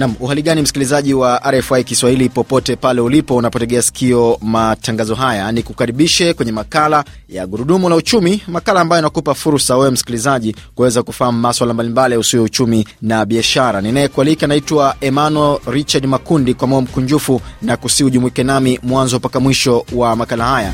Nam, uhali gani msikilizaji wa RFI Kiswahili popote pale ulipo unapotegea sikio matangazo haya, ni kukaribishe kwenye makala ya gurudumu la uchumi, makala ambayo inakupa fursa wewe msikilizaji kuweza kufahamu maswala mbalimbali ya usio uchumi na biashara. Ninayekualika anaitwa Emmanuel Richard Makundi, kwa moyo mkunjufu na kusiujumuike ujumuike nami mwanzo mpaka mwisho wa makala haya.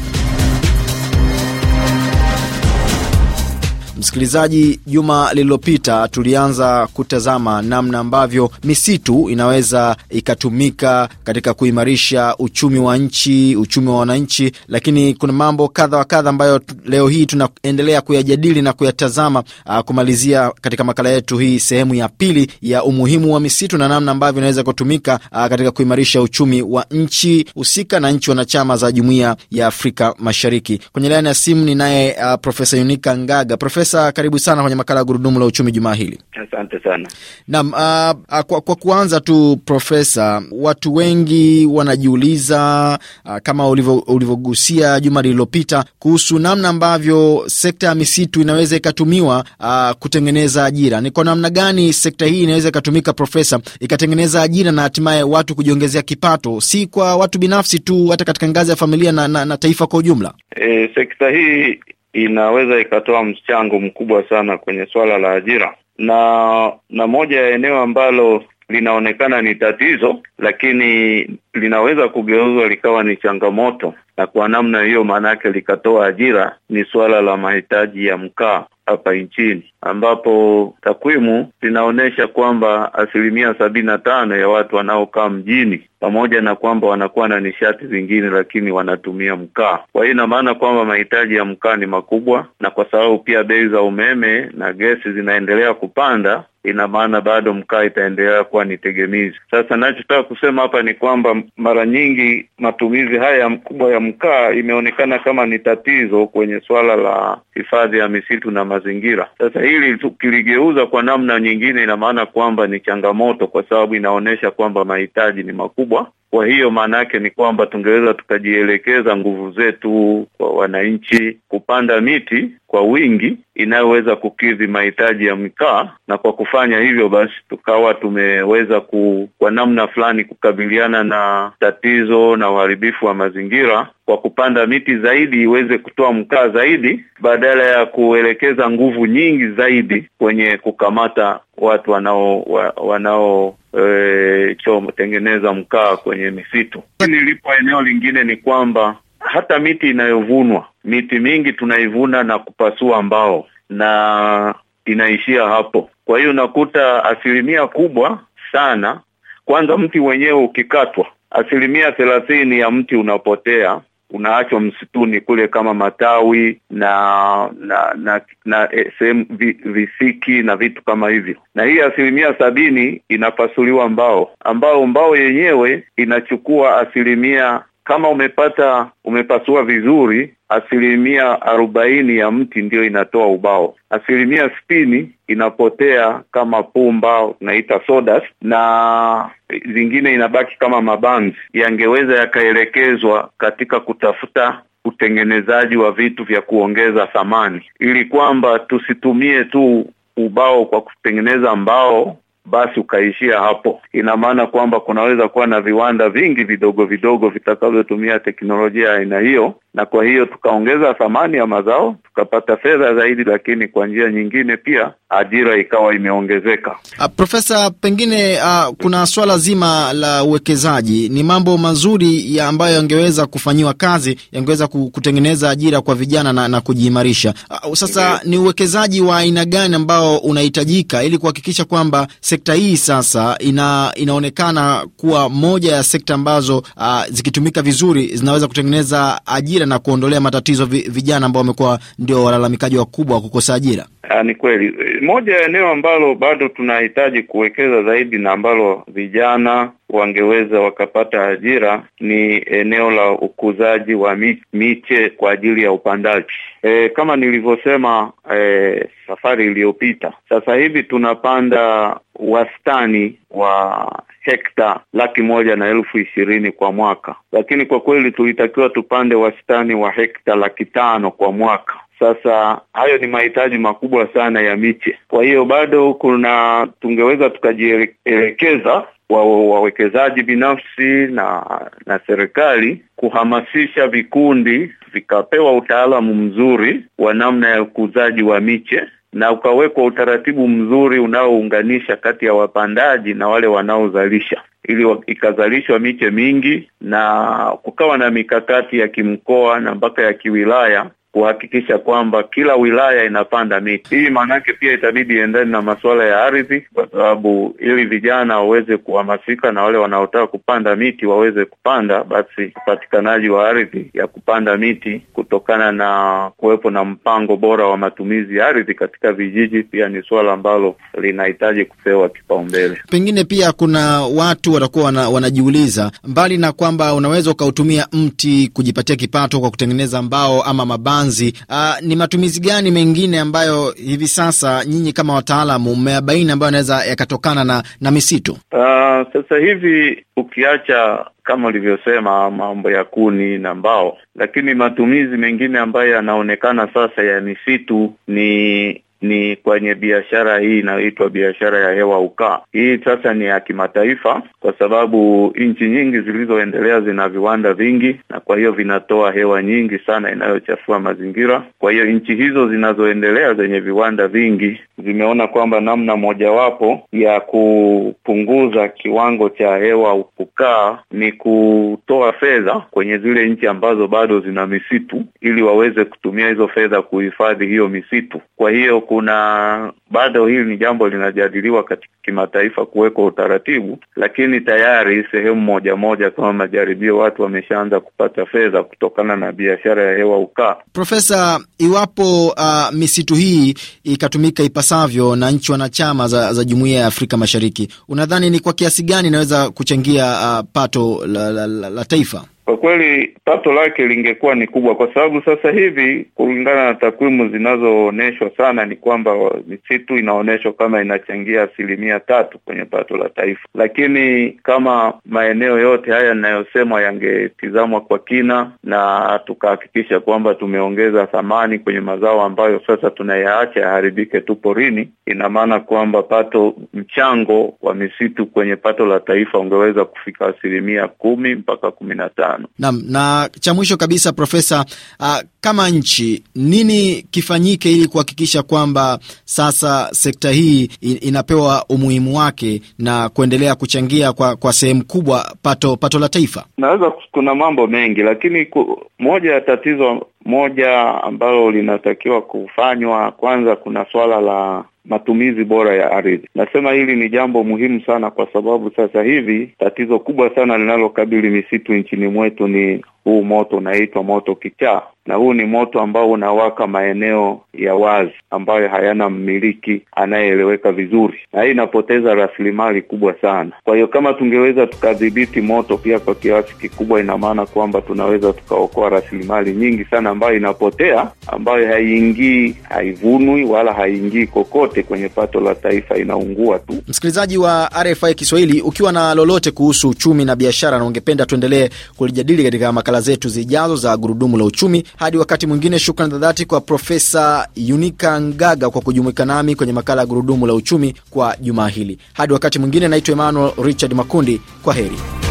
Msikilizaji, juma lililopita tulianza kutazama namna ambavyo misitu inaweza ikatumika katika kuimarisha uchumi wa nchi, uchumi wa wananchi, lakini kuna mambo kadha wa kadha ambayo leo hii tunaendelea kuyajadili na kuyatazama, uh, kumalizia katika makala yetu hii sehemu ya pili ya umuhimu wa misitu na namna ambavyo inaweza kutumika uh, katika kuimarisha uchumi wa nchi husika na nchi wanachama za Jumuiya ya Afrika Mashariki. Kwenye laini ya simu ninaye uh, Profesa Yunika Ngaga. Profesa Profesa, karibu sana kwenye makala ya gurudumu la uchumi jumaa hili. Asante sana. Uh, uh, kwa, kwa kuanza tu Profesa, watu wengi wanajiuliza uh, kama ulivyogusia juma lililopita kuhusu namna ambavyo sekta ya misitu inaweza ikatumiwa uh, kutengeneza ajira. Ni kwa namna gani sekta hii inaweza ikatumika Profesa, ikatengeneza ajira na hatimaye watu kujiongezea kipato, si kwa watu binafsi tu, hata katika ngazi ya familia na, na, na taifa kwa ujumla? E, sekta hii inaweza ikatoa mchango mkubwa sana kwenye swala la ajira, na na moja ya eneo ambalo linaonekana ni tatizo, lakini linaweza kugeuzwa likawa ni changamoto, na kwa namna hiyo, maana yake likatoa ajira, ni suala la mahitaji ya mkaa hapa nchini, ambapo takwimu zinaonyesha kwamba asilimia sabini na tano ya watu wanaokaa mjini pamoja na kwamba wanakuwa na nishati zingine, lakini wanatumia mkaa. Kwa hiyo ina maana kwamba mahitaji ya mkaa ni makubwa, na kwa sababu pia bei za umeme na gesi zinaendelea kupanda ina maana bado mkaa itaendelea kuwa ni tegemezi. Sasa nachotaka kusema hapa ni kwamba mara nyingi matumizi haya makubwa ya mkaa imeonekana kama ni tatizo kwenye suala la hifadhi ya misitu na mazingira. Sasa hili tukiligeuza kwa namna nyingine, ina maana kwamba ni changamoto, kwa sababu inaonyesha kwamba mahitaji ni makubwa kubwa. Kwa hiyo maana yake ni kwamba tungeweza tukajielekeza nguvu zetu kwa wananchi kupanda miti kwa wingi inayoweza kukidhi mahitaji ya mikaa, na kwa kufanya hivyo basi tukawa tumeweza ku, kwa namna fulani kukabiliana na tatizo na uharibifu wa mazingira kwa kupanda miti zaidi iweze kutoa mkaa zaidi badala ya kuelekeza nguvu nyingi zaidi kwenye kukamata watu wanao wa, wanao E, ikiwatengeneza mkaa kwenye misitu. Nilipo eneo lingine ni kwamba hata miti inayovunwa, miti mingi tunaivuna na kupasua mbao na inaishia hapo. Kwa hiyo unakuta asilimia kubwa sana, kwanza mti wenyewe ukikatwa, asilimia thelathini ya mti unapotea unaachwa msituni kule kama matawi na na na, na eh, sehemu visiki na vitu kama hivyo, na hii asilimia sabini inapasuliwa mbao, ambao mbao yenyewe inachukua asilimia kama umepata umepasua vizuri asilimia arobaini ya mti ndiyo inatoa ubao, asilimia sitini inapotea kama pumba, unaita sawdust, na zingine inabaki kama mabanzi. Yangeweza yakaelekezwa katika kutafuta utengenezaji wa vitu vya kuongeza thamani, ili kwamba tusitumie tu ubao kwa kutengeneza mbao basi ukaishia hapo. Ina maana kwamba kunaweza kuwa na viwanda vingi vidogo vidogo vitakavyotumia teknolojia ya aina hiyo, na kwa hiyo tukaongeza thamani ya mazao tukapata fedha zaidi, lakini kwa njia nyingine pia ajira ikawa imeongezeka. Ah, Profesa, pengine a, ah, kuna swala zima la uwekezaji. Ni mambo mazuri ya ambayo yangeweza kufanyiwa kazi, yangeweza kutengeneza ajira kwa vijana na, na kujiimarisha. Ah, sasa ni uwekezaji wa aina gani ambao unahitajika ili kuhakikisha kwamba sekta hii sasa ina, inaonekana kuwa moja ya sekta ambazo a, zikitumika vizuri zinaweza kutengeneza ajira na kuondolea matatizo vijana ambao wamekuwa ndio walalamikaji wakubwa wa kukosa ajira? Ah, ni kweli. Moja ya eneo ambalo bado tunahitaji kuwekeza zaidi na ambalo vijana wangeweza wakapata ajira ni eneo la ukuzaji wa miche kwa ajili ya upandaji. E, kama nilivyosema e, safari iliyopita, sasa hivi tunapanda wastani wa hekta laki moja na elfu ishirini kwa mwaka, lakini kwa kweli tulitakiwa tupande wastani wa hekta laki tano kwa mwaka sasa hayo ni mahitaji makubwa sana ya miche. Kwa hiyo bado kuna tungeweza tukajielekeza wa wawekezaji binafsi na na serikali kuhamasisha vikundi vikapewa utaalamu mzuri wa namna ya ukuzaji wa miche na ukawekwa utaratibu mzuri unaounganisha kati ya wapandaji na wale wanaozalisha ili ikazalishwa miche mingi na kukawa na mikakati ya kimkoa na mpaka ya kiwilaya kuhakikisha kwamba kila wilaya inapanda miti. Hii maanake pia itabidi iendane na masuala ya ardhi, kwa sababu ili vijana waweze kuhamasika na wale wanaotaka kupanda miti waweze kupanda, basi upatikanaji wa ardhi ya kupanda miti kutokana na kuwepo na mpango bora wa matumizi ya ardhi katika vijiji pia ni suala ambalo linahitaji kupewa kipaumbele. Pengine pia kuna watu watakuwa wana, wanajiuliza mbali na kwamba unaweza ukautumia mti kujipatia kipato kwa kutengeneza mbao ama mabanzi Mwanzi, uh, ni matumizi gani mengine ambayo hivi sasa nyinyi kama wataalamu mmeabaini ambayo yanaweza yakatokana na, na misitu? Uh, sasa hivi ukiacha kama ulivyosema mambo ya kuni na mbao, lakini matumizi mengine ambayo yanaonekana sasa ya misitu ni ni kwenye biashara hii inayoitwa biashara ya hewa ukaa. Hii sasa ni ya kimataifa, kwa sababu nchi nyingi zilizoendelea zina viwanda vingi, na kwa hiyo vinatoa hewa nyingi sana inayochafua mazingira. Kwa hiyo nchi hizo zinazoendelea zenye viwanda vingi zimeona kwamba namna mojawapo ya kupunguza kiwango cha hewa ukaa ni kutoa fedha kwenye zile nchi ambazo bado zina misitu, ili waweze kutumia hizo fedha kuhifadhi hiyo misitu. Kwa hiyo ku kuna bado hili ni jambo linajadiliwa katika kimataifa kuwekwa utaratibu, lakini tayari sehemu moja moja kama majaribio, watu wameshaanza kupata fedha kutokana na biashara ya hewa ukaa. Profesa, iwapo uh, misitu hii ikatumika ipasavyo na nchi wanachama za, za Jumuiya ya Afrika Mashariki, unadhani ni kwa kiasi gani inaweza kuchangia uh, pato la, la, la, la taifa? Kwa kweli pato lake lingekuwa ni kubwa, kwa sababu sasa hivi kulingana na takwimu zinazoonyeshwa sana ni kwamba misitu inaonyeshwa kama inachangia asilimia tatu kwenye pato la taifa, lakini kama maeneo yote haya yanayosemwa yangetizamwa kwa kina na tukahakikisha kwamba tumeongeza thamani kwenye mazao ambayo sasa tunayaacha yaharibike tu porini, ina maana kwamba pato, mchango wa misitu kwenye pato la taifa ungeweza kufika asilimia kumi mpaka kumi na tano mapambano. Naam, na cha mwisho kabisa Profesa, uh, kama nchi nini kifanyike ili kuhakikisha kwamba sasa sekta hii inapewa umuhimu wake na kuendelea kuchangia kwa, kwa sehemu kubwa pato pato la taifa? Naweza kuna mambo mengi, lakini ku, moja ya tatizo moja ambalo linatakiwa kufanywa, kwanza kuna swala la matumizi bora ya ardhi. Nasema hili ni jambo muhimu sana, kwa sababu sasa hivi tatizo kubwa sana linalokabili misitu nchini mwetu ni huu moto unaitwa moto kichaa na huu ni moto ambao unawaka maeneo ya wazi ambayo hayana mmiliki anayeeleweka vizuri, na hii inapoteza rasilimali kubwa sana. Kwa hiyo kama tungeweza tukadhibiti moto pia kwa kiasi kikubwa, ina maana kwamba tunaweza tukaokoa rasilimali nyingi sana ambayo inapotea, ambayo haiingii, haivunwi wala haiingii kokote kwenye pato la taifa, inaungua tu. Msikilizaji wa RFI Kiswahili, ukiwa na lolote kuhusu uchumi na biashara na ungependa tuendelee kulijadili katika makala zetu zijazo za gurudumu la uchumi hadi wakati mwingine, shukran za dhati kwa Profesa Yunika Ngaga kwa kujumuika nami kwenye makala ya Gurudumu la Uchumi kwa jumaa hili. Hadi wakati mwingine, naitwa Emmanuel Richard Makundi. Kwa heri.